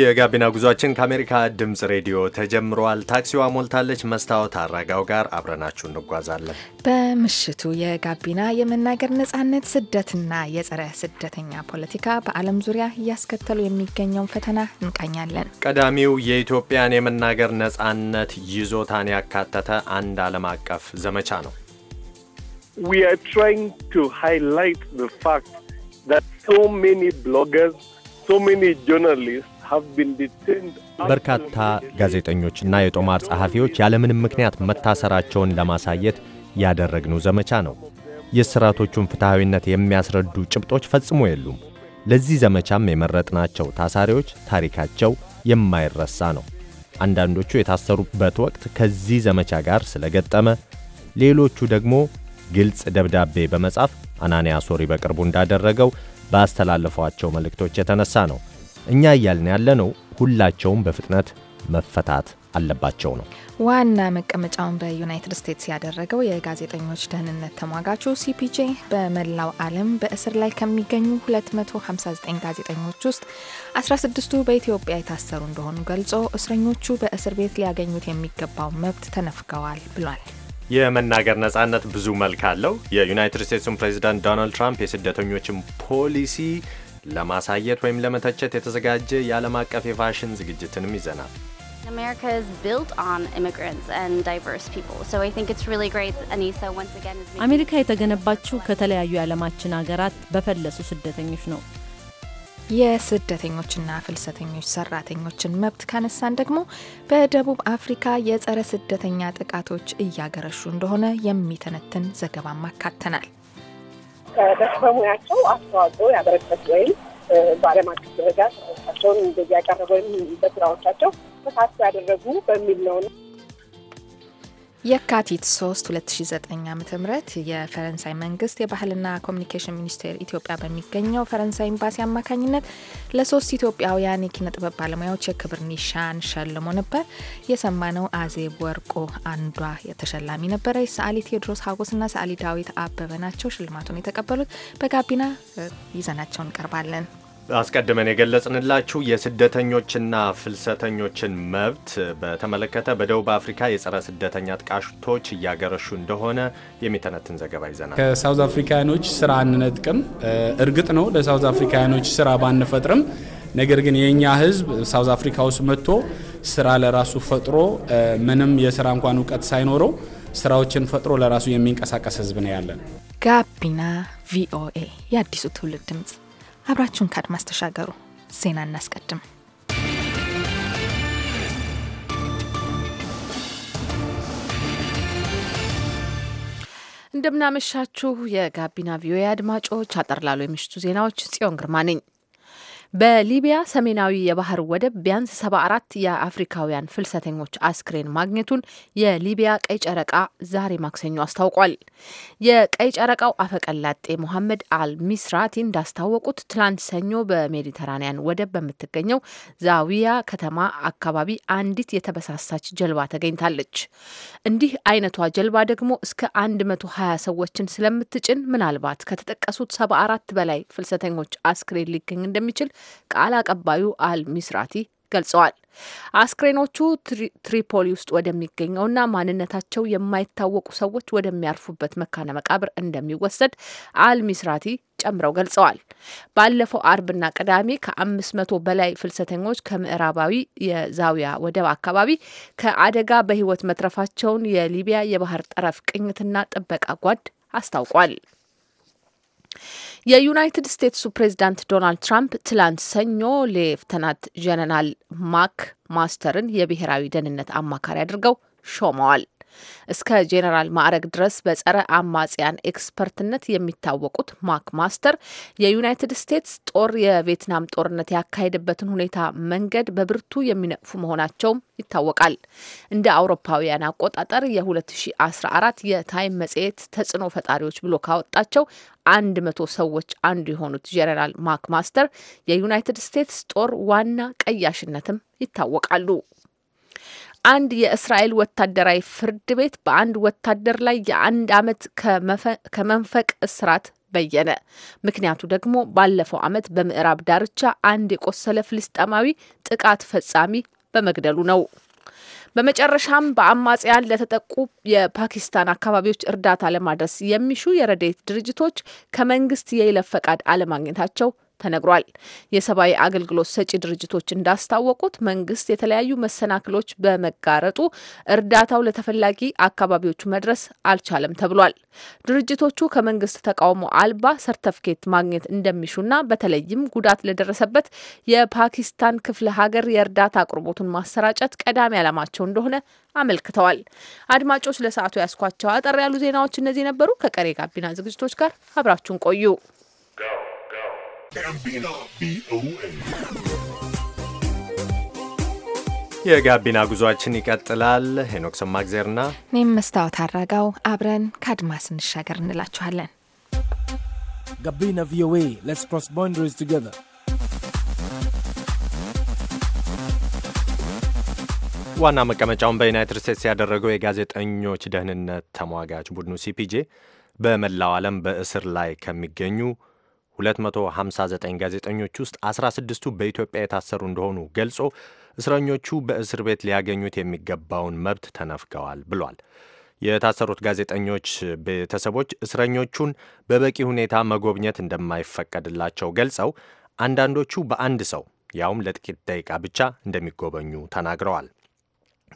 የጋቢና ጉዟችን ከአሜሪካ ድምፅ ሬዲዮ ተጀምሯል። ታክሲዋ ሞልታለች። መስታወት አራጋው ጋር አብረናችሁ እንጓዛለን። በምሽቱ የጋቢና የመናገር ነጻነት፣ ስደትና የጸረ ስደተኛ ፖለቲካ በዓለም ዙሪያ እያስከተሉ የሚገኘውን ፈተና እንቃኛለን። ቀዳሚው የኢትዮጵያን የመናገር ነጻነት ይዞታን ያካተተ አንድ ዓለም አቀፍ ዘመቻ ነው። We are trying to highlight the fact that so many bloggers, so many journalists በርካታ ጋዜጠኞችና የጦማር ጸሐፊዎች ያለምንም ምክንያት መታሰራቸውን ለማሳየት ያደረግነው ዘመቻ ነው። የእስራቶቹን ፍትሐዊነት የሚያስረዱ ጭብጦች ፈጽሞ የሉም። ለዚህ ዘመቻም የመረጥናቸው ታሳሪዎች ታሪካቸው የማይረሳ ነው። አንዳንዶቹ የታሰሩበት ወቅት ከዚህ ዘመቻ ጋር ስለገጠመ፣ ሌሎቹ ደግሞ ግልጽ ደብዳቤ በመጻፍ አናንያ ሶሪ በቅርቡ እንዳደረገው ባስተላለፏቸው መልእክቶች የተነሳ ነው። እኛ እያልን ነው ሁላቸውም በፍጥነት መፈታት አለባቸው ነው። ዋና መቀመጫውን በዩናይትድ ስቴትስ ያደረገው የጋዜጠኞች ደህንነት ተሟጋቹ ሲፒጄ በመላው ዓለም በእስር ላይ ከሚገኙ 259 ጋዜጠኞች ውስጥ 16ቱ በኢትዮጵያ የታሰሩ እንደሆኑ ገልጾ እስረኞቹ በእስር ቤት ሊያገኙት የሚገባው መብት ተነፍገዋል ብሏል። የመናገር ነጻነት ብዙ መልክ አለው። የዩናይትድ ስቴትሱን ፕሬዚዳንት ዶናልድ ትራምፕ የስደተኞችን ፖሊሲ ለማሳየት ወይም ለመተቸት የተዘጋጀ የዓለም አቀፍ የፋሽን ዝግጅትንም ይዘናል። አሜሪካ የተገነባችው ከተለያዩ የዓለማችን ሀገራት በፈለሱ ስደተኞች ነው። የስደተኞችና ፍልሰተኞች ሰራተኞችን መብት ካነሳን ደግሞ በደቡብ አፍሪካ የጸረ ስደተኛ ጥቃቶች እያገረሹ እንደሆነ የሚተነትን ዘገባም አካተናል። በሙያቸው አስተዋጽኦ ያበረከቱ ወይም በዓለም አቀፍ ደረጃ ስራዎቻቸውን እንደዚህ ያቀረበ ወይም በስራዎቻቸው ተሳትፎ ያደረጉ በሚል ነው። የካቲት 3 2009 ዓ ም የፈረንሳይ መንግስት የባህልና ኮሚኒኬሽን ሚኒስቴር ኢትዮጵያ በሚገኘው ፈረንሳይ ኤምባሲ አማካኝነት ለሶስት ኢትዮጵያውያን የኪነ ጥበብ ባለሙያዎች የክብር ኒሻን ሸልሞ ነበር። የሰማነው አዜብ ወርቆ አንዷ የተሸላሚ ነበረች። ሰዓሊ ቴዎድሮስ ሀጎስና ሰዓሊ ዳዊት አበበ ናቸው ሽልማቱን የተቀበሉት። በጋቢና ይዘናቸው እንቀርባለን። አስቀድመን የገለጽንላችሁ የስደተኞችና ፍልሰተኞችን መብት በተመለከተ በደቡብ አፍሪካ የጸረ ስደተኛ ጥቃቶች እያገረሹ እንደሆነ የሚተነትን ዘገባ ይዘናል። ከሳውዝ አፍሪካውያኖች ስራ አንነጥቅም። እርግጥ ነው ለሳውዝ አፍሪካውያኖች ስራ ባንፈጥርም፣ ነገር ግን የእኛ ህዝብ ሳውዝ አፍሪካ ውስጥ መጥቶ ስራ ለራሱ ፈጥሮ ምንም የስራ እንኳን እውቀት ሳይኖረው ስራዎችን ፈጥሮ ለራሱ የሚንቀሳቀስ ህዝብ ነው ያለን። ጋቢና ቪኦኤ የአዲሱ ትውልድ ድምጽ አብራችሁን ከአድማስ ተሻገሩ። ዜና እናስቀድም። እንደምናመሻችሁ የጋቢና ቪኦኤ አድማጮች፣ አጠር ላሉ የምሽቱ ዜናዎች ጽዮን ግርማ ነኝ። በሊቢያ ሰሜናዊ የባህር ወደብ ቢያንስ ሰባ አራት የአፍሪካውያን ፍልሰተኞች አስክሬን ማግኘቱን የሊቢያ ቀይ ጨረቃ ዛሬ ማክሰኞ አስታውቋል። የቀይ ጨረቃው አፈቀላጤ ሞሐመድ አል ሚስራቲ እንዳስታወቁት ትላንት ሰኞ በሜዲተራኒያን ወደብ በምትገኘው ዛዊያ ከተማ አካባቢ አንዲት የተበሳሳች ጀልባ ተገኝታለች። እንዲህ አይነቷ ጀልባ ደግሞ እስከ 120 ሰዎችን ስለምትጭን ምናልባት ከተጠቀሱት ሰባ አራት በላይ ፍልሰተኞች አስክሬን ሊገኝ እንደሚችል ቃል አቀባዩ አል ሚስራቲ ገልጸዋል። አስክሬኖቹ ትሪፖሊ ውስጥ ወደሚገኘውና ማንነታቸው የማይታወቁ ሰዎች ወደሚያርፉበት መካነ መቃብር እንደሚወሰድ አል ሚስራቲ ጨምረው ገልጸዋል። ባለፈው አርብና ቅዳሜ ከአምስት መቶ በላይ ፍልሰተኞች ከምዕራባዊ የዛዊያ ወደብ አካባቢ ከአደጋ በሕይወት መትረፋቸውን የሊቢያ የባህር ጠረፍ ቅኝትና ጥበቃ ጓድ አስታውቋል። የዩናይትድ ስቴትሱ ፕሬዚዳንት ዶናልድ ትራምፕ ትላንት ሰኞ ሌፍተናንት ጀነራል ማክ ማስተርን የብሔራዊ ደህንነት አማካሪ አድርገው ሾመዋል። እስከ ጄኔራል ማዕረግ ድረስ በጸረ አማጽያን ኤክስፐርትነት የሚታወቁት ማክ ማስተር የዩናይትድ ስቴትስ ጦር የቪየትናም ጦርነት ያካሄደበትን ሁኔታ መንገድ በብርቱ የሚነቅፉ መሆናቸውም ይታወቃል። እንደ አውሮፓውያን አቆጣጠር የ2014 የታይም መጽሔት ተጽዕኖ ፈጣሪዎች ብሎ ካወጣቸው አንድ መቶ ሰዎች አንዱ የሆኑት ጄኔራል ማክ ማስተር የዩናይትድ ስቴትስ ጦር ዋና ቀያሽነትም ይታወቃሉ። አንድ የእስራኤል ወታደራዊ ፍርድ ቤት በአንድ ወታደር ላይ የአንድ ዓመት ከመንፈቅ እስራት በየነ። ምክንያቱ ደግሞ ባለፈው ዓመት በምዕራብ ዳርቻ አንድ የቆሰለ ፍልስጠማዊ ጥቃት ፈጻሚ በመግደሉ ነው። በመጨረሻም በአማጽያን ለተጠቁ የፓኪስታን አካባቢዎች እርዳታ ለማድረስ የሚሹ የረድኤት ድርጅቶች ከመንግስት የይለፍ ፈቃድ አለማግኘታቸው ተነግሯል። የሰብአዊ አገልግሎት ሰጪ ድርጅቶች እንዳስታወቁት መንግስት የተለያዩ መሰናክሎች በመጋረጡ እርዳታው ለተፈላጊ አካባቢዎቹ መድረስ አልቻለም ተብሏል። ድርጅቶቹ ከመንግስት ተቃውሞ አልባ ሰርተፍኬት ማግኘት እንደሚሹና በተለይም ጉዳት ለደረሰበት የፓኪስታን ክፍለ ሀገር የእርዳታ አቅርቦቱን ማሰራጨት ቀዳሚ ዓላማቸው እንደሆነ አመልክተዋል። አድማጮች ለሰዓቱ ያስኳቸው አጠር ያሉ ዜናዎች እነዚህ ነበሩ። ከቀሬ ጋቢና ዝግጅቶች ጋር አብራችሁን ቆዩ። የጋቢና ጉዟችን ይቀጥላል። ሄኖክ ሰማግዜርና እኔም መስታወት አራጋው አብረን ከአድማስ እንሻገር እንላችኋለን። ጋቢና ቪኦኤ ሌትስ ክሮስ ቦንደሪስ ቱጌዘር ዋና መቀመጫውን በዩናይትድ ስቴትስ ያደረገው የጋዜጠኞች ደህንነት ተሟጋች ቡድኑ ሲፒጄ በመላው ዓለም በእስር ላይ ከሚገኙ 259 ጋዜጠኞች ውስጥ 16ቱ በኢትዮጵያ የታሰሩ እንደሆኑ ገልጾ እስረኞቹ በእስር ቤት ሊያገኙት የሚገባውን መብት ተነፍገዋል ብሏል። የታሰሩት ጋዜጠኞች ቤተሰቦች እስረኞቹን በበቂ ሁኔታ መጎብኘት እንደማይፈቀድላቸው ገልጸው አንዳንዶቹ በአንድ ሰው ያውም ለጥቂት ደቂቃ ብቻ እንደሚጎበኙ ተናግረዋል።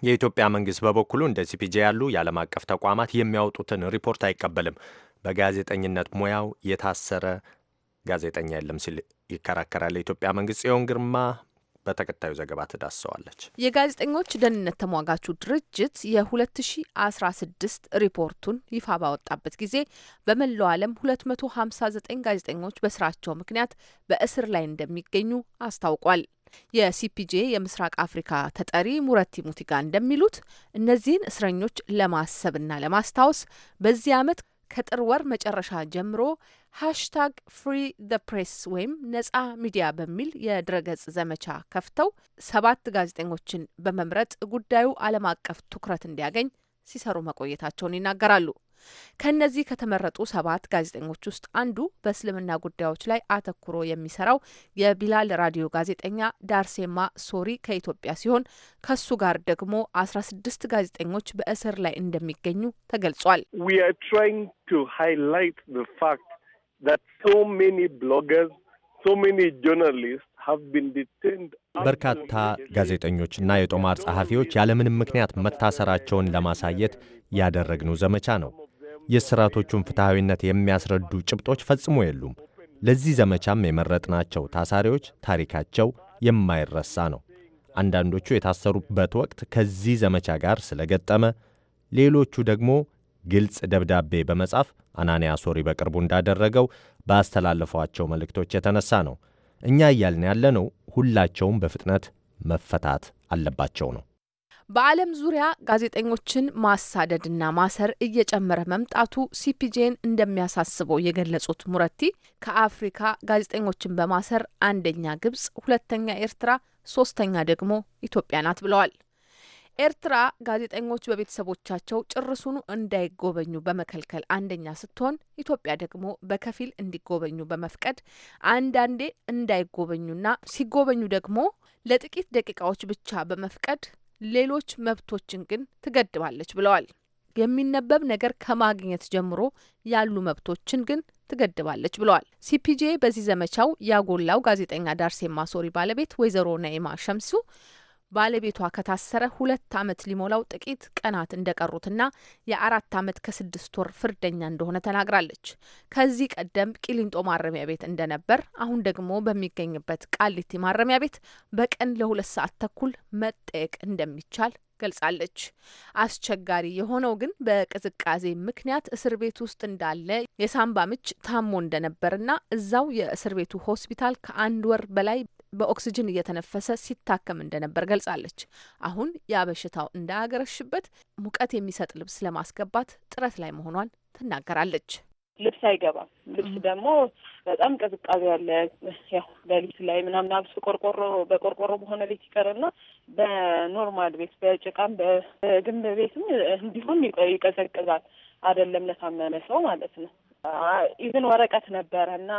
የኢትዮጵያ መንግስት በበኩሉ እንደ ሲፒጄ ያሉ የዓለም አቀፍ ተቋማት የሚያወጡትን ሪፖርት አይቀበልም። በጋዜጠኝነት ሙያው የታሰረ ጋዜጠኛ የለም ሲል ይከራከራል የኢትዮጵያ መንግስት። ጽዮን ግርማ በተከታዩ ዘገባ ትዳሰዋለች። የጋዜጠኞች ደህንነት ተሟጋቹ ድርጅት የ2016 ሪፖርቱን ይፋ ባወጣበት ጊዜ በመላው ዓለም 259 ጋዜጠኞች በስራቸው ምክንያት በእስር ላይ እንደሚገኙ አስታውቋል። የሲፒጄ የምስራቅ አፍሪካ ተጠሪ ሙረቲ ሙቲጋ እንደሚሉት እነዚህን እስረኞች ለማሰብና ለማስታወስ በዚህ ዓመት ከጥር ወር መጨረሻ ጀምሮ ሃሽታግ ፍሪ ደ ፕሬስ ወይም ነጻ ሚዲያ በሚል የድረገጽ ዘመቻ ከፍተው ሰባት ጋዜጠኞችን በመምረጥ ጉዳዩ ዓለም አቀፍ ትኩረት እንዲያገኝ ሲሰሩ መቆየታቸውን ይናገራሉ። ከእነዚህ ከተመረጡ ሰባት ጋዜጠኞች ውስጥ አንዱ በእስልምና ጉዳዮች ላይ አተኩሮ የሚሰራው የቢላል ራዲዮ ጋዜጠኛ ዳርሴማ ሶሪ ከኢትዮጵያ ሲሆን ከሱ ጋር ደግሞ አስራ ስድስት ጋዜጠኞች በእስር ላይ እንደሚገኙ ተገልጿል። በርካታ ጋዜጠኞችና የጦማር ጸሐፊዎች ያለምንም ምክንያት መታሰራቸውን ለማሳየት ያደረግነው ዘመቻ ነው። የእስራቶቹን ፍትሐዊነት የሚያስረዱ ጭብጦች ፈጽሞ የሉም። ለዚህ ዘመቻም የመረጥናቸው ታሳሪዎች ታሪካቸው የማይረሳ ነው። አንዳንዶቹ የታሰሩበት ወቅት ከዚህ ዘመቻ ጋር ስለገጠመ፣ ሌሎቹ ደግሞ ግልጽ ደብዳቤ በመጻፍ አናንያ ሶሪ በቅርቡ እንዳደረገው ባስተላለፏቸው መልእክቶች የተነሳ ነው። እኛ እያልን ያለነው ሁላቸውም በፍጥነት መፈታት አለባቸው ነው። በዓለም ዙሪያ ጋዜጠኞችን ማሳደድና ማሰር እየጨመረ መምጣቱ ሲፒጄን እንደሚያሳስበው የገለጹት ሙረቲ ከአፍሪካ ጋዜጠኞችን በማሰር አንደኛ ግብጽ፣ ሁለተኛ ኤርትራ፣ ሶስተኛ ደግሞ ኢትዮጵያ ናት ብለዋል። ኤርትራ ጋዜጠኞች በቤተሰቦቻቸው ጭርሱኑ እንዳይጎበኙ በመከልከል አንደኛ ስትሆን ኢትዮጵያ ደግሞ በከፊል እንዲጎበኙ በመፍቀድ አንዳንዴ እንዳይጎበኙና ሲጎበኙ ደግሞ ለጥቂት ደቂቃዎች ብቻ በመፍቀድ ሌሎች መብቶችን ግን ትገድባለች ብለዋል። የሚነበብ ነገር ከማግኘት ጀምሮ ያሉ መብቶችን ግን ትገድባለች ብለዋል። ሲፒጄ በዚህ ዘመቻው ያጎላው ጋዜጠኛ ዳርሴ ማሶሪ ባለቤት ወይዘሮ ነኢማ ሸምሱ ባለቤቷ ከታሰረ ሁለት አመት ሊሞላው ጥቂት ቀናት እንደቀሩትና የአራት ዓመት ከስድስት ወር ፍርደኛ እንደሆነ ተናግራለች። ከዚህ ቀደም ቂሊንጦ ማረሚያ ቤት እንደነበር አሁን ደግሞ በሚገኝበት ቃሊቲ ማረሚያ ቤት በቀን ለሁለት ሰዓት ተኩል መጠየቅ እንደሚቻል ገልጻለች። አስቸጋሪ የሆነው ግን በቅዝቃዜ ምክንያት እስር ቤት ውስጥ እንዳለ የሳምባ ምች ታሞ እንደነበርና እዛው የእስር ቤቱ ሆስፒታል ከአንድ ወር በላይ በኦክስጅን እየተነፈሰ ሲታከም እንደነበር ገልጻለች። አሁን ያ በሽታው እንዳያገረሽበት ሙቀት የሚሰጥ ልብስ ለማስገባት ጥረት ላይ መሆኗን ትናገራለች። ልብስ አይገባም። ልብስ ደግሞ በጣም ቅዝቃዜ ያለ ያው በልብስ ላይ ምናምን አብሶ ቆርቆሮ በቆርቆሮ በሆነ ቤት ይቀርና በኖርማል ቤት በጭቃም በግንብ ቤትም እንዲሁም ይቀዘቅዛል። አይደለም ለታመመ ሰው ማለት ነው። ኢቭን ወረቀት ነበረ እና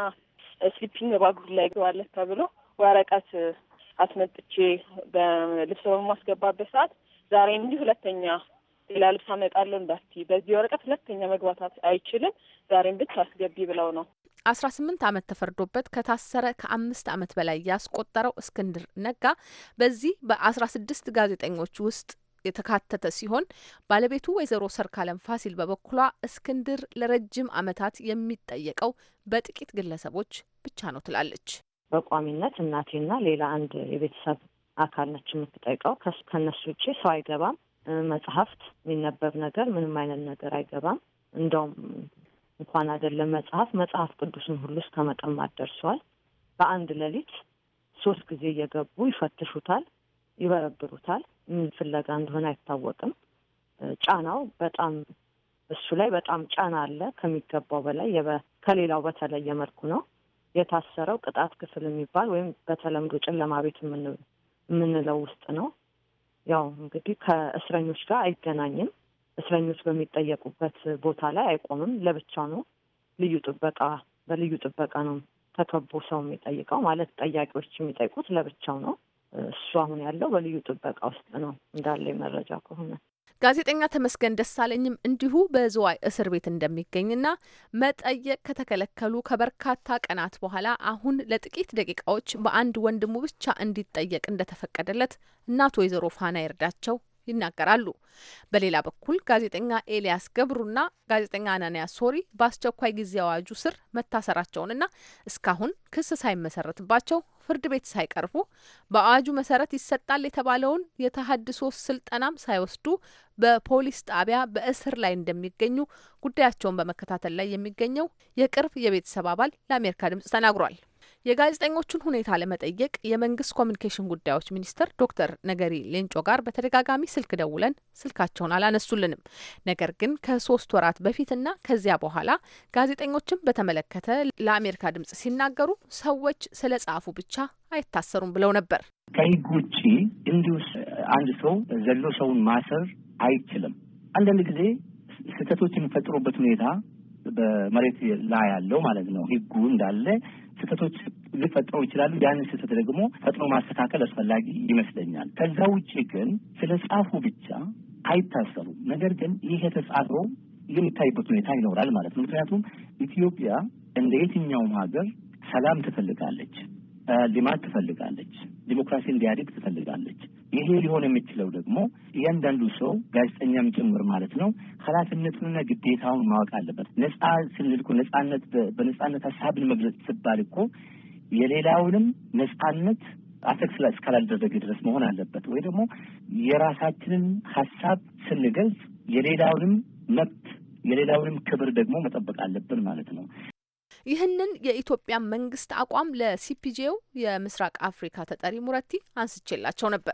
ስሊፒንግ ባጉር ላይ ዋለት ተብሎ ወረቀት አስመጥቼ በልብስ በማስገባበት ሰዓት ዛሬ እንዲህ ሁለተኛ ሌላ ልብስ አመጣለሁ እንዳትዪ፣ በዚህ ወረቀት ሁለተኛ መግባታት አይችልም፣ ዛሬም ብቻ አስገቢ ብለው ነው። አስራ ስምንት ዓመት ተፈርዶበት ከታሰረ ከአምስት ዓመት በላይ ያስቆጠረው እስክንድር ነጋ በዚህ በአስራ ስድስት ጋዜጠኞች ውስጥ የተካተተ ሲሆን ባለቤቱ ወይዘሮ ሰርካለም ፋሲል በበኩሏ እስክንድር ለረጅም አመታት የሚጠየቀው በጥቂት ግለሰቦች ብቻ ነው ትላለች። በቋሚነት እናቴና ሌላ አንድ የቤተሰብ አካል ነች የምትጠይቀው። ከነሱ ውጭ ሰው አይገባም። መጽሐፍት፣ የሚነበብ ነገር፣ ምንም አይነት ነገር አይገባም። እንደውም እንኳን አይደለም መጽሐፍ መጽሐፍ ቅዱስን ሁሉ እስከ መቀማት ደርሰዋል። በአንድ ሌሊት ሶስት ጊዜ እየገቡ ይፈትሹታል፣ ይበረብሩታል። ምን ፍለጋ እንደሆነ አይታወቅም። ጫናው በጣም እሱ ላይ በጣም ጫና አለ፣ ከሚገባው በላይ ከሌላው በተለየ መልኩ ነው። የታሰረው ቅጣት ክፍል የሚባል ወይም በተለምዶ ጨለማ ቤት የምንለው ውስጥ ነው። ያው እንግዲህ ከእስረኞች ጋር አይገናኝም። እስረኞች በሚጠየቁበት ቦታ ላይ አይቆምም። ለብቻ ነው። ልዩ ጥበቃ በልዩ ጥበቃ ነው ተከቦ ሰው የሚጠይቀው ማለት ጠያቂዎች የሚጠይቁት ለብቻው ነው። እሱ አሁን ያለው በልዩ ጥበቃ ውስጥ ነው እንዳለ መረጃ ከሆነ ጋዜጠኛ ተመስገን ደሳለኝም እንዲሁ በዝዋይ እስር ቤት እንደሚገኝና መጠየቅ ከተከለከሉ ከበርካታ ቀናት በኋላ አሁን ለጥቂት ደቂቃዎች በአንድ ወንድሙ ብቻ እንዲጠየቅ እንደተፈቀደለት እናቱ ወይዘሮ ፋና ይርዳቸው ይናገራሉ። በሌላ በኩል ጋዜጠኛ ኤልያስ ገብሩና ጋዜጠኛ አናንያ ሶሪ በአስቸኳይ ጊዜ አዋጁ ስር መታሰራቸውንና እስካሁን ክስ ሳይመሰረትባቸው ፍርድ ቤት ሳይቀርቡ በአዋጁ መሰረት ይሰጣል የተባለውን የተሀድሶ ስልጠናም ሳይወስዱ በፖሊስ ጣቢያ በእስር ላይ እንደሚገኙ ጉዳያቸውን በመከታተል ላይ የሚገኘው የቅርብ የቤተሰብ አባል ለአሜሪካ ድምጽ ተናግሯል። የጋዜጠኞቹን ሁኔታ ለመጠየቅ የመንግስት ኮሚኒኬሽን ጉዳዮች ሚኒስትር ዶክተር ነገሪ ሌንጮ ጋር በተደጋጋሚ ስልክ ደውለን ስልካቸውን አላነሱልንም። ነገር ግን ከሶስት ወራት በፊትና ከዚያ በኋላ ጋዜጠኞችን በተመለከተ ለአሜሪካ ድምጽ ሲናገሩ ሰዎች ስለ ጻፉ ብቻ አይታሰሩም ብለው ነበር። ከህግ ውጪ እንዲሁ አንድ ሰው ዘሎ ሰውን ማሰር አይችልም። አንዳንድ ጊዜ ስህተቶች የሚፈጥሩበት ሁኔታ በመሬት ላይ ያለው ማለት ነው ህጉ እንዳለ ስህተቶች ሊፈጠሩ ይችላሉ። ያንን ስህተት ደግሞ ፈጥኖ ማስተካከል አስፈላጊ ይመስለኛል። ከዛ ውጭ ግን ስለ ጻፉ ብቻ አይታሰሩም። ነገር ግን ይህ የተጻፈው የሚታይበት ሁኔታ ይኖራል ማለት ነው። ምክንያቱም ኢትዮጵያ እንደ የትኛውም ሀገር ሰላም ትፈልጋለች፣ ልማት ትፈልጋለች፣ ዲሞክራሲ እንዲያድግ ትፈልጋለች። ይሄ ሊሆን የሚችለው ደግሞ እያንዳንዱ ሰው ጋዜጠኛም ጭምር ማለት ነው ኃላፊነቱንና ግዴታውን ማወቅ አለበት። ነጻ ስንል እኮ ነጻነት በነጻነት ሀሳብን መግለጽ ስባል እኮ የሌላውንም ነጻነት አተክስላ እስካላደረገ ድረስ መሆን አለበት። ወይ ደግሞ የራሳችንን ሀሳብ ስንገልጽ የሌላውንም መብት የሌላውንም ክብር ደግሞ መጠበቅ አለብን ማለት ነው። ይህንን የኢትዮጵያ መንግስት አቋም ለሲፒጄው የምስራቅ አፍሪካ ተጠሪ ሙረቲ አንስቼላቸው ነበር።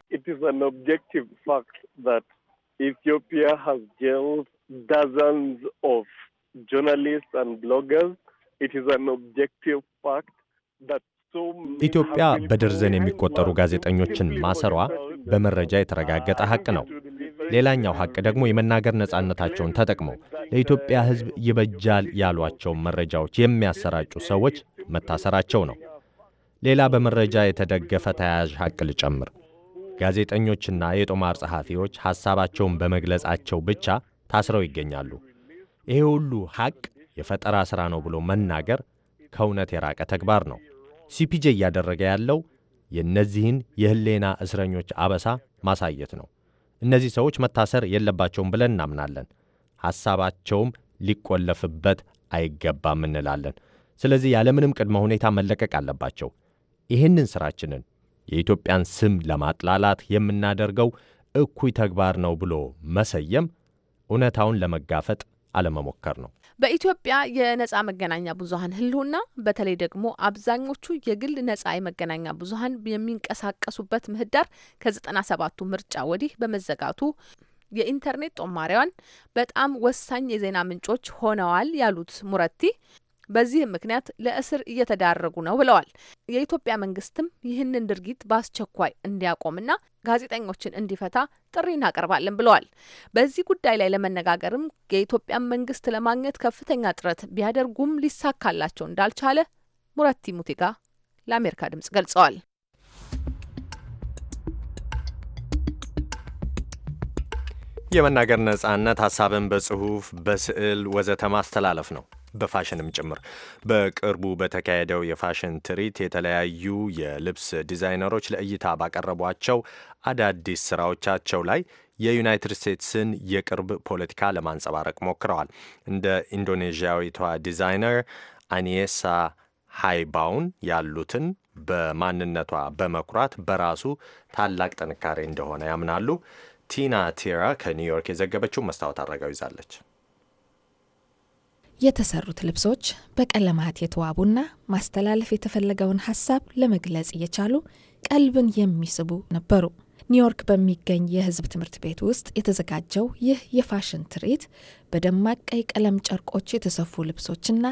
ኢትዮጵያ ሀዝ ዳዘንስ ኦፍ ጆርናሊስት አንድ ብሎገርስ ኢትዮጵያ የሚቆጠሩ ጋዜጠኞችን ማሰሯ በመረጃ የተረጋገጠ ሀቅ ነው። ሌላኛው ሀቅ ደግሞ የመናገር ነጻነታቸውን ተጠቅመው ለኢትዮጵያ ሕዝብ ይበጃል ያሏቸውን መረጃዎች የሚያሰራጩ ሰዎች መታሰራቸው ነው። ሌላ በመረጃ የተደገፈ ተያያዥ ሐቅ ልጨምር። ጋዜጠኞችና የጦማር ጸሐፊዎች ሐሳባቸውን በመግለጻቸው ብቻ ታስረው ይገኛሉ። ይሄ ሁሉ ሐቅ የፈጠራ ሥራ ነው ብሎ መናገር ከእውነት የራቀ ተግባር ነው። ሲፒጄ እያደረገ ያለው የእነዚህን የህሌና እስረኞች አበሳ ማሳየት ነው። እነዚህ ሰዎች መታሰር የለባቸውም ብለን እናምናለን። ሐሳባቸውም ሊቆለፍበት አይገባም እንላለን። ስለዚህ ያለምንም ቅድመ ሁኔታ መለቀቅ አለባቸው። ይህንን ስራችንን የኢትዮጵያን ስም ለማጥላላት የምናደርገው እኩይ ተግባር ነው ብሎ መሰየም እውነታውን ለመጋፈጥ አለመሞከር ነው። በኢትዮጵያ የነጻ መገናኛ ብዙሀን ሕልውና በተለይ ደግሞ አብዛኞቹ የግል ነጻ የመገናኛ ብዙሀን የሚንቀሳቀሱበት ምህዳር ከዘጠና ሰባቱ ምርጫ ወዲህ በመዘጋቱ የኢንተርኔት ጦማሪዋን በጣም ወሳኝ የዜና ምንጮች ሆነዋል ያሉት ሙረቲ በዚህም ምክንያት ለእስር እየተዳረጉ ነው ብለዋል። የኢትዮጵያ መንግስትም ይህንን ድርጊት በአስቸኳይ እንዲያቆምና ጋዜጠኞችን እንዲፈታ ጥሪ እናቀርባለን ብለዋል። በዚህ ጉዳይ ላይ ለመነጋገርም የኢትዮጵያን መንግስት ለማግኘት ከፍተኛ ጥረት ቢያደርጉም ሊሳካላቸው እንዳልቻለ ሙረቲ ሙቲጋ ለአሜሪካ ድምጽ ገልጸዋል። የመናገር ነጻነት ሀሳብን በጽሁፍ፣ በስዕል ወዘተ ማስተላለፍ ነው በፋሽንም ጭምር። በቅርቡ በተካሄደው የፋሽን ትርኢት የተለያዩ የልብስ ዲዛይነሮች ለእይታ ባቀረቧቸው አዳዲስ ስራዎቻቸው ላይ የዩናይትድ ስቴትስን የቅርብ ፖለቲካ ለማንጸባረቅ ሞክረዋል። እንደ ኢንዶኔዥያዊቷ ዲዛይነር አኒየሳ ሃይባውን ያሉትን በማንነቷ በመኩራት በራሱ ታላቅ ጥንካሬ እንደሆነ ያምናሉ። ቲና ቴራ ከኒውዮርክ የዘገበችው መስታወት አረጋው ይዛለች። የተሰሩት ልብሶች በቀለማት የተዋቡና ማስተላለፍ የተፈለገውን ሀሳብ ለመግለጽ እየቻሉ ቀልብን የሚስቡ ነበሩ። ኒውዮርክ በሚገኝ የሕዝብ ትምህርት ቤት ውስጥ የተዘጋጀው ይህ የፋሽን ትርኢት በደማቅ ቀይ ቀለም ጨርቆች የተሰፉ ልብሶችና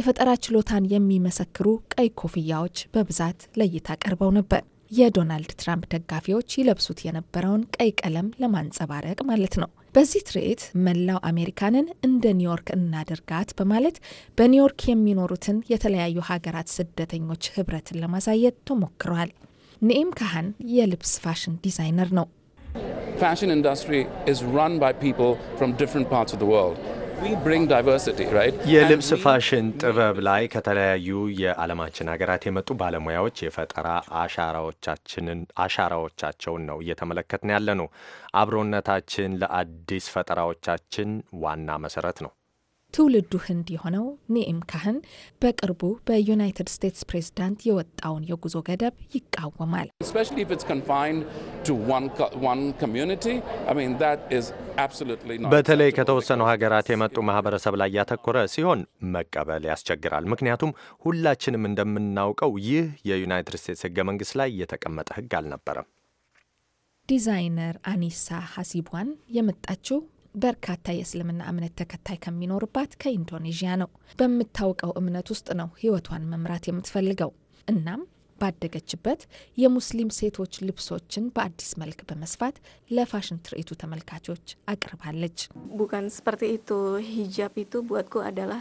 የፈጠራ ችሎታን የሚመሰክሩ ቀይ ኮፍያዎች በብዛት ለእይታ ቀርበው ነበር። የዶናልድ ትራምፕ ደጋፊዎች ይለብሱት የነበረውን ቀይ ቀለም ለማንጸባረቅ ማለት ነው። በዚህ ትርኢት መላው አሜሪካንን እንደ ኒውዮርክ እናደርጋት በማለት በኒውዮርክ የሚኖሩትን የተለያዩ ሀገራት ስደተኞች ህብረትን ለማሳየት ተሞክረዋል። ኒኤም ካህን የልብስ ፋሽን ዲዛይነር ነው። ፋሽን ኢንዱስትሪ ኢዝ ራን ባይ ፒፕል ፍሮም ዲፍረንት ፓርትስ ኦፍ ዘ ወርልድ የልብስ ፋሽን ጥበብ ላይ ከተለያዩ የዓለማችን ሀገራት የመጡ ባለሙያዎች የፈጠራ አሻራዎቻችንን አሻራዎቻቸውን ነው እየተመለከትን ያለ ነው። አብሮነታችን ለአዲስ ፈጠራዎቻችን ዋና መሰረት ነው። ትውልዱ ህንድ የሆነው ኒኤም ካህን በቅርቡ በዩናይትድ ስቴትስ ፕሬዝዳንት የወጣውን የጉዞ ገደብ ይቃወማል። በተለይ ከተወሰኑ ሀገራት የመጡ ማህበረሰብ ላይ ያተኮረ ሲሆን መቀበል ያስቸግራል። ምክንያቱም ሁላችንም እንደምናውቀው ይህ የዩናይትድ ስቴትስ ህገ መንግስት ላይ የተቀመጠ ህግ አልነበረም። ዲዛይነር አኒሳ ሀሲቧን የመጣችው በርካታ የእስልምና እምነት ተከታይ ከሚኖርባት ከኢንዶኔዥያ ነው። በምታውቀው እምነት ውስጥ ነው ህይወቷን መምራት የምትፈልገው። እናም ባደገችበት የሙስሊም ሴቶች ልብሶችን በአዲስ መልክ በመስፋት ለፋሽን ትርኢቱ ተመልካቾች አቅርባለች። ቡካን ስፐርቲ ኢቱ ሂጃብ ኢቱ ቡትኩ አዳላ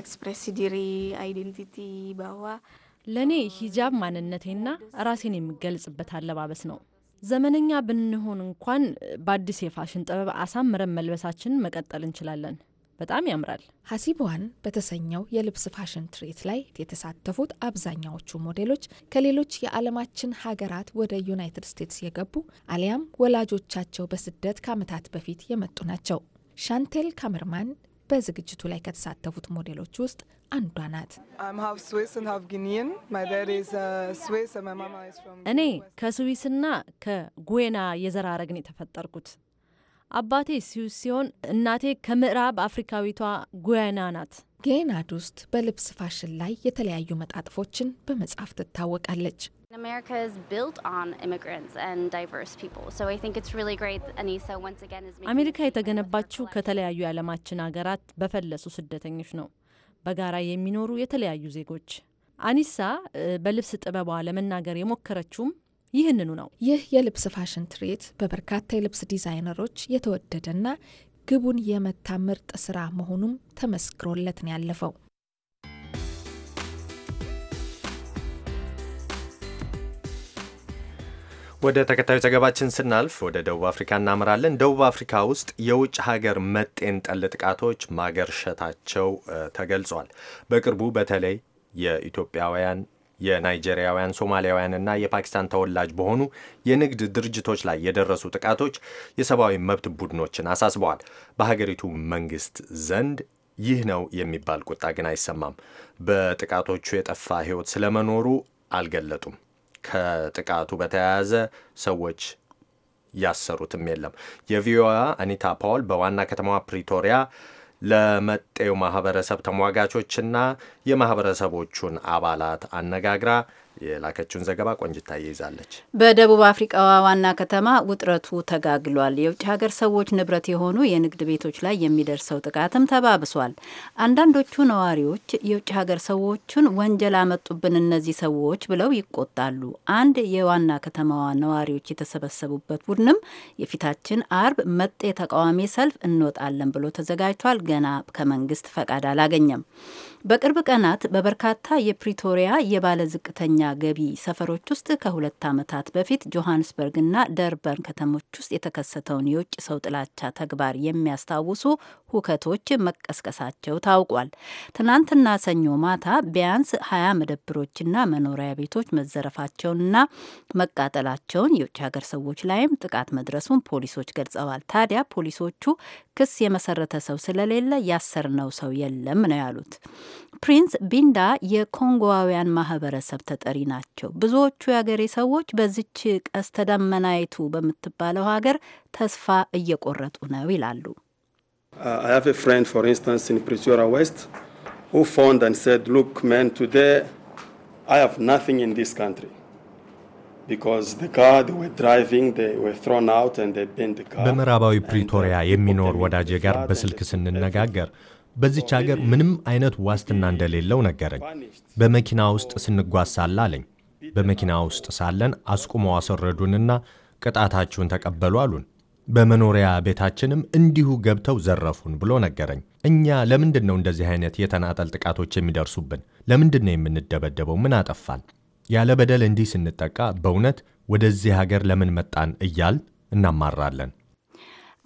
ኤክስፕሬሲ ዲሪ አይዴንቲቲ ባዋ ለእኔ ሂጃብ ማንነቴና ራሴን የሚገልጽበት አለባበስ ነው። ዘመነኛ ብንሆን እንኳን በአዲስ የፋሽን ጥበብ አሳምረን መልበሳችንን መቀጠል እንችላለን። በጣም ያምራል። ሀሲቧን በተሰኘው የልብስ ፋሽን ትርኢት ላይ የተሳተፉት አብዛኛዎቹ ሞዴሎች ከሌሎች የዓለማችን ሀገራት ወደ ዩናይትድ ስቴትስ የገቡ አሊያም ወላጆቻቸው በስደት ከዓመታት በፊት የመጡ ናቸው። ሻንቴል ካምርማን በዝግጅቱ ላይ ከተሳተፉት ሞዴሎች ውስጥ አንዷ ናት። uh, እኔ ከስዊስና ከጉዌና የዘር የተፈጠርኩት። አባቴ ስዊስ ሲሆን እናቴ ከምዕራብ አፍሪካዊቷ ጉያና ናት። ጌናድ ውስጥ በልብስ ፋሽን ላይ የተለያዩ መጣጥፎችን በመጻፍ ትታወቃለች። አሜሪካ የተገነባችው ከተለያዩ የዓለማችን ሀገራት በፈለሱ ስደተኞች ነው፣ በጋራ የሚኖሩ የተለያዩ ዜጎች። አኒሳ በልብስ ጥበቧ ለመናገር የሞከረችውም ይህንኑ ነው። ይህ የልብስ ፋሽን ትርኢት በበርካታ የልብስ ዲዛይነሮች የተወደደና ግቡን የመታ ምርጥ ስራ መሆኑም ተመስክሮለት ነው ያለፈው። ወደ ተከታዩ ዘገባችን ስናልፍ ወደ ደቡብ አፍሪካ እናመራለን። ደቡብ አፍሪካ ውስጥ የውጭ ሀገር መጤን ጠል ጥቃቶች ማገርሸታቸው ተገልጿል። በቅርቡ በተለይ የኢትዮጵያውያን የናይጄሪያውያን፣ ሶማሊያውያንና የፓኪስታን ተወላጅ በሆኑ የንግድ ድርጅቶች ላይ የደረሱ ጥቃቶች የሰብአዊ መብት ቡድኖችን አሳስበዋል። በሀገሪቱ መንግስት ዘንድ ይህ ነው የሚባል ቁጣ ግን አይሰማም። በጥቃቶቹ የጠፋ ሕይወት ስለመኖሩ አልገለጡም። ከጥቃቱ በተያያዘ ሰዎች ያሰሩትም የለም። የቪኦኤዋ አኒታ ፓውል በዋና ከተማዋ ፕሪቶሪያ ለመጤው ማህበረሰብ ተሟጋቾችና የማህበረሰቦቹን አባላት አነጋግራ የላከችውን ዘገባ ቆንጅታ ይይዛለች። በደቡብ አፍሪቃዋ ዋና ከተማ ውጥረቱ ተጋግሏል። የውጭ ሀገር ሰዎች ንብረት የሆኑ የንግድ ቤቶች ላይ የሚደርሰው ጥቃትም ተባብሷል። አንዳንዶቹ ነዋሪዎች የውጭ ሀገር ሰዎቹን ወንጀል አመጡብን እነዚህ ሰዎች ብለው ይቆጣሉ። አንድ የዋና ከተማዋ ነዋሪዎች የተሰበሰቡበት ቡድንም የፊታችን አርብ መጤ ተቃዋሚ ሰልፍ እንወጣለን ብሎ ተዘጋጅቷል። ገና ከመንግስት ፈቃድ አላገኘም። በቅርብ ቀናት በበርካታ የፕሪቶሪያ የባለ ዝቅተኛ ገቢ ሰፈሮች ውስጥ ከሁለት ዓመታት በፊት ጆሃንስበርግና ደርበን ከተሞች ውስጥ የተከሰተውን የውጭ ሰው ጥላቻ ተግባር የሚያስታውሱ ሁከቶች መቀስቀሳቸው ታውቋል። ትናንትና ሰኞ ማታ ቢያንስ ሀያ መደብሮችና መኖሪያ ቤቶች መዘረፋቸውንና መቃጠላቸውን የውጭ ሀገር ሰዎች ላይም ጥቃት መድረሱን ፖሊሶች ገልጸዋል። ታዲያ ፖሊሶቹ ክስ የመሰረተ ሰው ስለሌለ ያሰርነው ሰው የለም ነው ያሉት። ፕሪንስ ቢንዳ የኮንጎዋውያን ማህበረሰብ ተጠሪ ናቸው። ብዙዎቹ የአገሬ ሰዎች በዚች ቀስተ ደመናይቱ በምትባለው ሀገር ተስፋ እየቆረጡ ነው ይላሉ። uh, በምዕራባዊ uh, ፕሪቶሪያ የሚኖር ወዳጄ ጋር በስልክ ስንነጋገር በዚች ሀገር ምንም አይነት ዋስትና እንደሌለው ነገረኝ። በመኪና ውስጥ ስንጓዝ ሳለ አለኝ። በመኪና ውስጥ ሳለን አስቁመው አስወረዱንና ቅጣታችሁን ተቀበሉ አሉን። በመኖሪያ ቤታችንም እንዲሁ ገብተው ዘረፉን ብሎ ነገረኝ። እኛ ለምንድን ነው እንደዚህ አይነት የተናጠል ጥቃቶች የሚደርሱብን? ለምንድን ነው የምንደበደበው? ምን አጠፋን? ያለ በደል እንዲህ ስንጠቃ በእውነት ወደዚህ ሀገር ለምን መጣን እያል እናማራለን።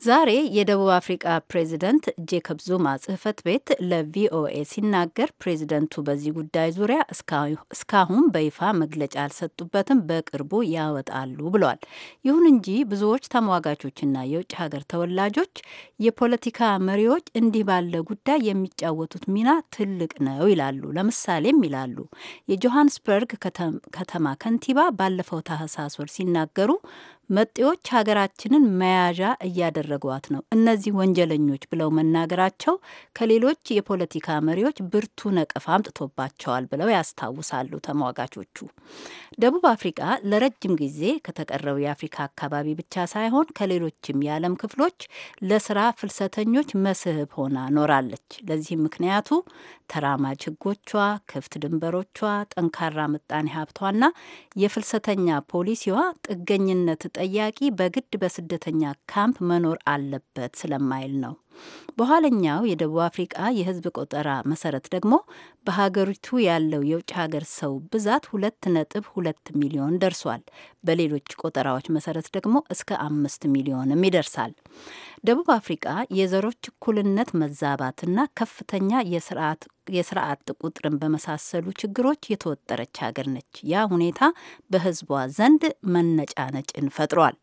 ዛሬ የደቡብ አፍሪቃ ፕሬዚደንት ጄኮብ ዙማ ጽህፈት ቤት ለቪኦኤ ሲናገር ፕሬዚደንቱ በዚህ ጉዳይ ዙሪያ እስካሁን በይፋ መግለጫ አልሰጡበትም፣ በቅርቡ ያወጣሉ ብሏል። ይሁን እንጂ ብዙዎች ተሟጋቾችና የውጭ ሀገር ተወላጆች የፖለቲካ መሪዎች እንዲህ ባለ ጉዳይ የሚጫወቱት ሚና ትልቅ ነው ይላሉ። ለምሳሌም ይላሉ የጆሃንስበርግ ከተማ ከንቲባ ባለፈው ታህሳስ ወር ሲናገሩ መጤዎች ሀገራችንን መያዣ እያደረጓት ነው፣ እነዚህ ወንጀለኞች ብለው መናገራቸው ከሌሎች የፖለቲካ መሪዎች ብርቱ ነቀፋ አምጥቶባቸዋል ብለው ያስታውሳሉ ተሟጋቾቹ። ደቡብ አፍሪቃ ለረጅም ጊዜ ከተቀረው የአፍሪካ አካባቢ ብቻ ሳይሆን ከሌሎችም የዓለም ክፍሎች ለስራ ፍልሰተኞች መስህብ ሆና ኖራለች። ለዚህም ምክንያቱ ተራማጅ ሕጎቿ፣ ክፍት ድንበሮቿ፣ ጠንካራ ምጣኔ ሀብቷና የፍልሰተኛ ፖሊሲዋ ጥገኝነት ጠያቂ በግድ በስደተኛ ካምፕ መኖር አለበት ስለማይል ነው። በኋለኛው የደቡብ አፍሪቃ የህዝብ ቆጠራ መሰረት ደግሞ በሀገሪቱ ያለው የውጭ ሀገር ሰው ብዛት ሁለት ነጥብ ሁለት ሚሊዮን ደርሷል። በሌሎች ቆጠራዎች መሰረት ደግሞ እስከ አምስት ሚሊዮንም ይደርሳል። ደቡብ አፍሪቃ የዘሮች እኩልነት መዛባትና ከፍተኛ የስርዓት ቁጥርን በመሳሰሉ ችግሮች የተወጠረች ሀገር ነች። ያ ሁኔታ በህዝቧ ዘንድ መነጫነጭን ፈጥሯል።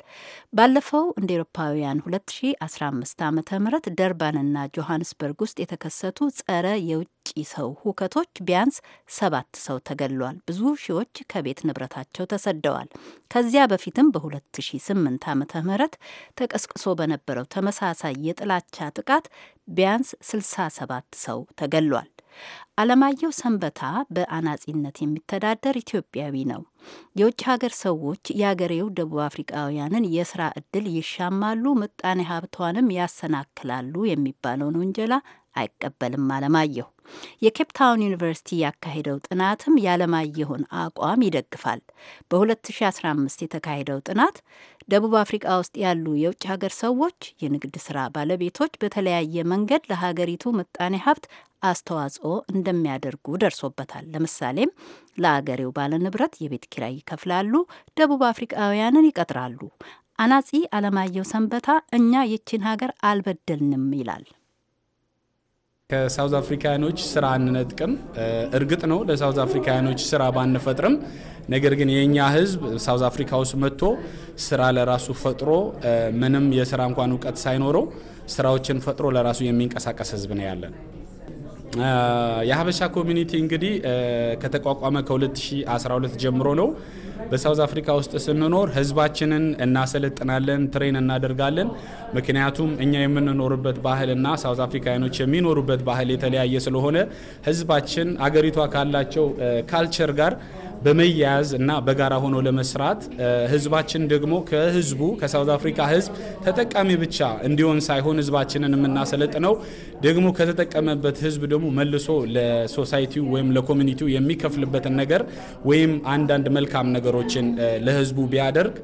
ባለፈው እንደ ኤሮፓውያን 2015 ዓ ም በደርባንና ጆሃንስበርግ ውስጥ የተከሰቱ ጸረ የውጭ ሰው ሁከቶች ቢያንስ ሰባት ሰው ተገድሏል። ብዙ ሺዎች ከቤት ንብረታቸው ተሰደዋል። ከዚያ በፊትም በ2008 ዓ ም ተቀስቅሶ በነበረው ተመሳሳይ የጥላቻ ጥቃት ቢያንስ 67 ሰው ተገድሏል። አለማየሁ ሰንበታ በአናጺነት የሚተዳደር ኢትዮጵያዊ ነው። የውጭ ሀገር ሰዎች የአገሬው ደቡብ አፍሪቃውያንን የስራ እድል ይሻማሉ፣ ምጣኔ ሀብቷንም ያሰናክላሉ የሚባለውን ውንጀላ አይቀበልም። አለማየሁ የኬፕታውን ዩኒቨርሲቲ ያካሄደው ጥናትም የአለማየሁን አቋም ይደግፋል። በ2015 የተካሄደው ጥናት ደቡብ አፍሪቃ ውስጥ ያሉ የውጭ ሀገር ሰዎች የንግድ ስራ ባለቤቶች በተለያየ መንገድ ለሀገሪቱ ምጣኔ ሀብት አስተዋጽኦ እንደሚያደርጉ ደርሶበታል። ለምሳሌም ለአገሬው ባለንብረት የቤት ኪራይ ይከፍላሉ፣ ደቡብ አፍሪካውያንን ይቀጥራሉ። አናጺ አለማየሁ ሰንበታ እኛ የቺን ሀገር አልበደልንም ይላል። ከሳውዝ አፍሪካውያኖች ስራ አንነጥቅም። እርግጥ ነው ለሳውዝ አፍሪካውያኖች ስራ ባንፈጥርም፣ ነገር ግን የእኛ ህዝብ ሳውዝ አፍሪካ ውስጥ መጥቶ ስራ ለራሱ ፈጥሮ ምንም የስራ እንኳን እውቀት ሳይኖረው ስራዎችን ፈጥሮ ለራሱ የሚንቀሳቀስ ህዝብ ነው ያለን። የሀበሻ ኮሚኒቲ እንግዲህ ከተቋቋመ ከ2012 ጀምሮ ነው። በሳውዝ አፍሪካ ውስጥ ስንኖር ህዝባችንን እናሰለጥናለን፣ ትሬን እናደርጋለን። ምክንያቱም እኛ የምንኖርበት ባህልና ሳውዝ አፍሪካኖች የሚኖሩበት ባህል የተለያየ ስለሆነ ህዝባችን አገሪቷ ካላቸው ካልቸር ጋር በመያያዝ እና በጋራ ሆኖ ለመስራት ህዝባችን ደግሞ ከህዝቡ ከሳውዝ አፍሪካ ህዝብ ተጠቃሚ ብቻ እንዲሆን ሳይሆን ህዝባችንን የምናሰለጥነው ደግሞ ከተጠቀመበት ህዝብ ደግሞ መልሶ ለሶሳይቲው ወይም ለኮሚኒቲው የሚከፍልበትን ነገር ወይም አንዳንድ መልካም ነገሮችን ለህዝቡ ቢያደርግ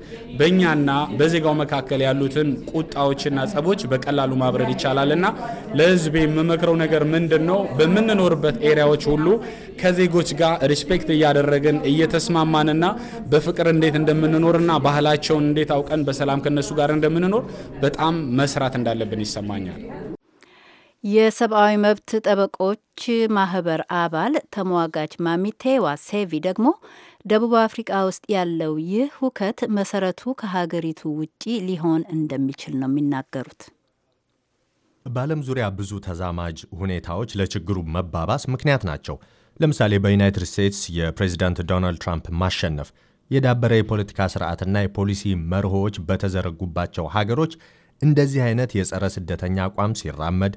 በእኛና በዜጋው መካከል ያሉትን ቁጣዎችና ጸቦች በቀላሉ ማብረድ ይቻላል እና ለህዝቤ የምመክረው ነገር ምንድን ነው? በምንኖርበት ኤሪያዎች ሁሉ ከዜጎች ጋር ሪስፔክት እያደረግን እየተስማማንና በፍቅር እንዴት እንደምንኖርና ባህላቸውን እንዴት አውቀን በሰላም ከነሱ ጋር እንደምንኖር በጣም መስራት እንዳለብን ይሰማኛል። የሰብአዊ መብት ጠበቆች ማህበር አባል ተሟጋች ማሚቴዋ ሴቪ ደግሞ ደቡብ አፍሪቃ ውስጥ ያለው ይህ ሁከት መሰረቱ ከሀገሪቱ ውጪ ሊሆን እንደሚችል ነው የሚናገሩት። በዓለም ዙሪያ ብዙ ተዛማጅ ሁኔታዎች ለችግሩ መባባስ ምክንያት ናቸው። ለምሳሌ በዩናይትድ ስቴትስ የፕሬዚዳንት ዶናልድ ትራምፕ ማሸነፍ የዳበረ የፖለቲካ ስርዓትና የፖሊሲ መርሆዎች በተዘረጉባቸው ሀገሮች እንደዚህ አይነት የጸረ ስደተኛ አቋም ሲራመድ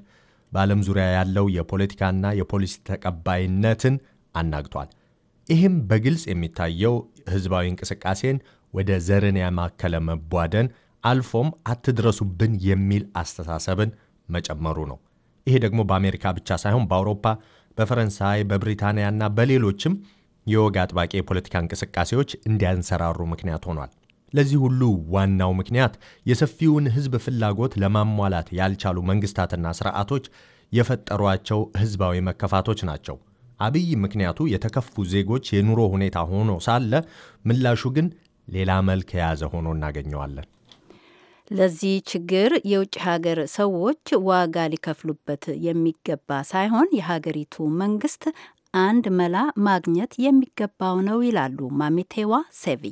በዓለም ዙሪያ ያለው የፖለቲካና የፖሊሲ ተቀባይነትን አናግቷል። ይህም በግልጽ የሚታየው ህዝባዊ እንቅስቃሴን ወደ ዘርን ያማከለ መቧደን አልፎም አትድረሱብን የሚል አስተሳሰብን መጨመሩ ነው። ይሄ ደግሞ በአሜሪካ ብቻ ሳይሆን በአውሮፓ በፈረንሳይ በብሪታንያና በሌሎችም የወግ አጥባቂ የፖለቲካ እንቅስቃሴዎች እንዲያንሰራሩ ምክንያት ሆኗል። ለዚህ ሁሉ ዋናው ምክንያት የሰፊውን ሕዝብ ፍላጎት ለማሟላት ያልቻሉ መንግስታትና ስርዓቶች የፈጠሯቸው ሕዝባዊ መከፋቶች ናቸው። አብይ ምክንያቱ የተከፉ ዜጎች የኑሮ ሁኔታ ሆኖ ሳለ ምላሹ ግን ሌላ መልክ የያዘ ሆኖ እናገኘዋለን። ለዚህ ችግር የውጭ ሀገር ሰዎች ዋጋ ሊከፍሉበት የሚገባ ሳይሆን የሀገሪቱ መንግስት አንድ መላ ማግኘት የሚገባው ነው ይላሉ ማሚቴዋ ሴቪ።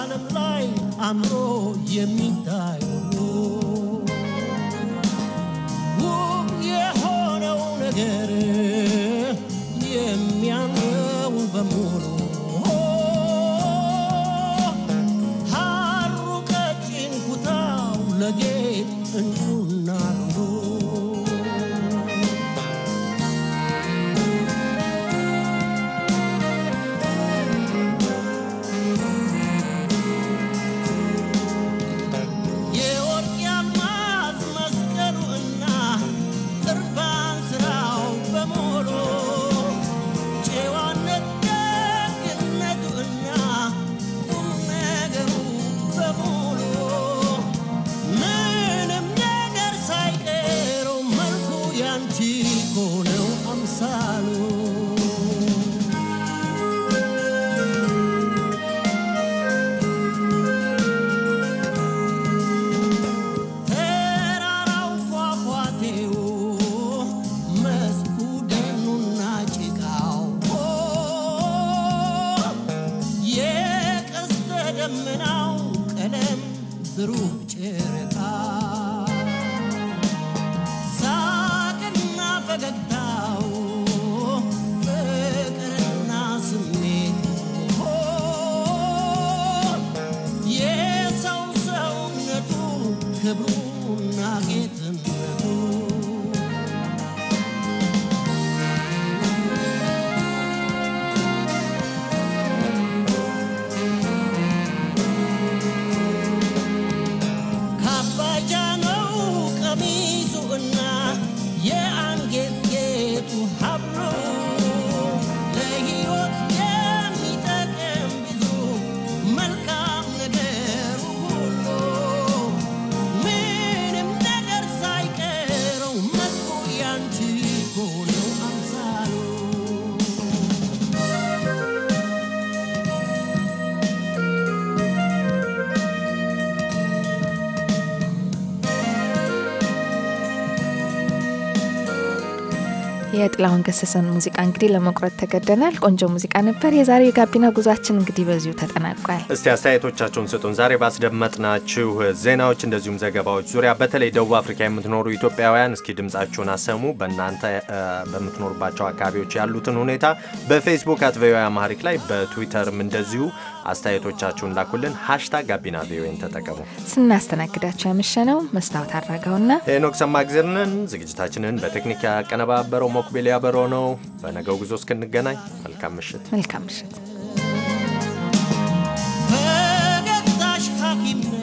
ዓለም ላይ አምሮ የሚታይ ውብ የሆነው ነገር የሚያምረው በሙሉ The drum cere የጥላሁን ገሰሰን ሙዚቃ እንግዲህ ለመቁረጥ ተገደናል። ቆንጆ ሙዚቃ ነበር። የዛሬ የጋቢና ጉዟችን እንግዲህ በዚሁ ተጠናቋል። እስቲ አስተያየቶቻችሁን ስጡን። ዛሬ ባስደመጥናችሁ ዜናዎች፣ እንደዚሁም ዘገባዎች ዙሪያ በተለይ ደቡብ አፍሪካ የምትኖሩ ኢትዮጵያውያን እስኪ ድምጻችሁን አሰሙ። በእናንተ በምትኖሩባቸው አካባቢዎች ያሉትን ሁኔታ በፌስቡክ አት ቪኦኤ አማሪክ ላይ በትዊተርም እንደዚሁ አስተያየቶቻችሁን ላኩልን። ሀሽታግ ጋቢና ቪኦኤን ተጠቀሙ። ስናስተናግዳቸው ነው መስታወት አድረገውና ሄኖክ ሰማግዜርንን ዝግጅታችንን በቴክኒክ ያቀነባበረው ሞክቤል ያበረው ነው። በነገው ጉዞ እስክንገናኝ መልካም ምሽት። መልካም ምሽት።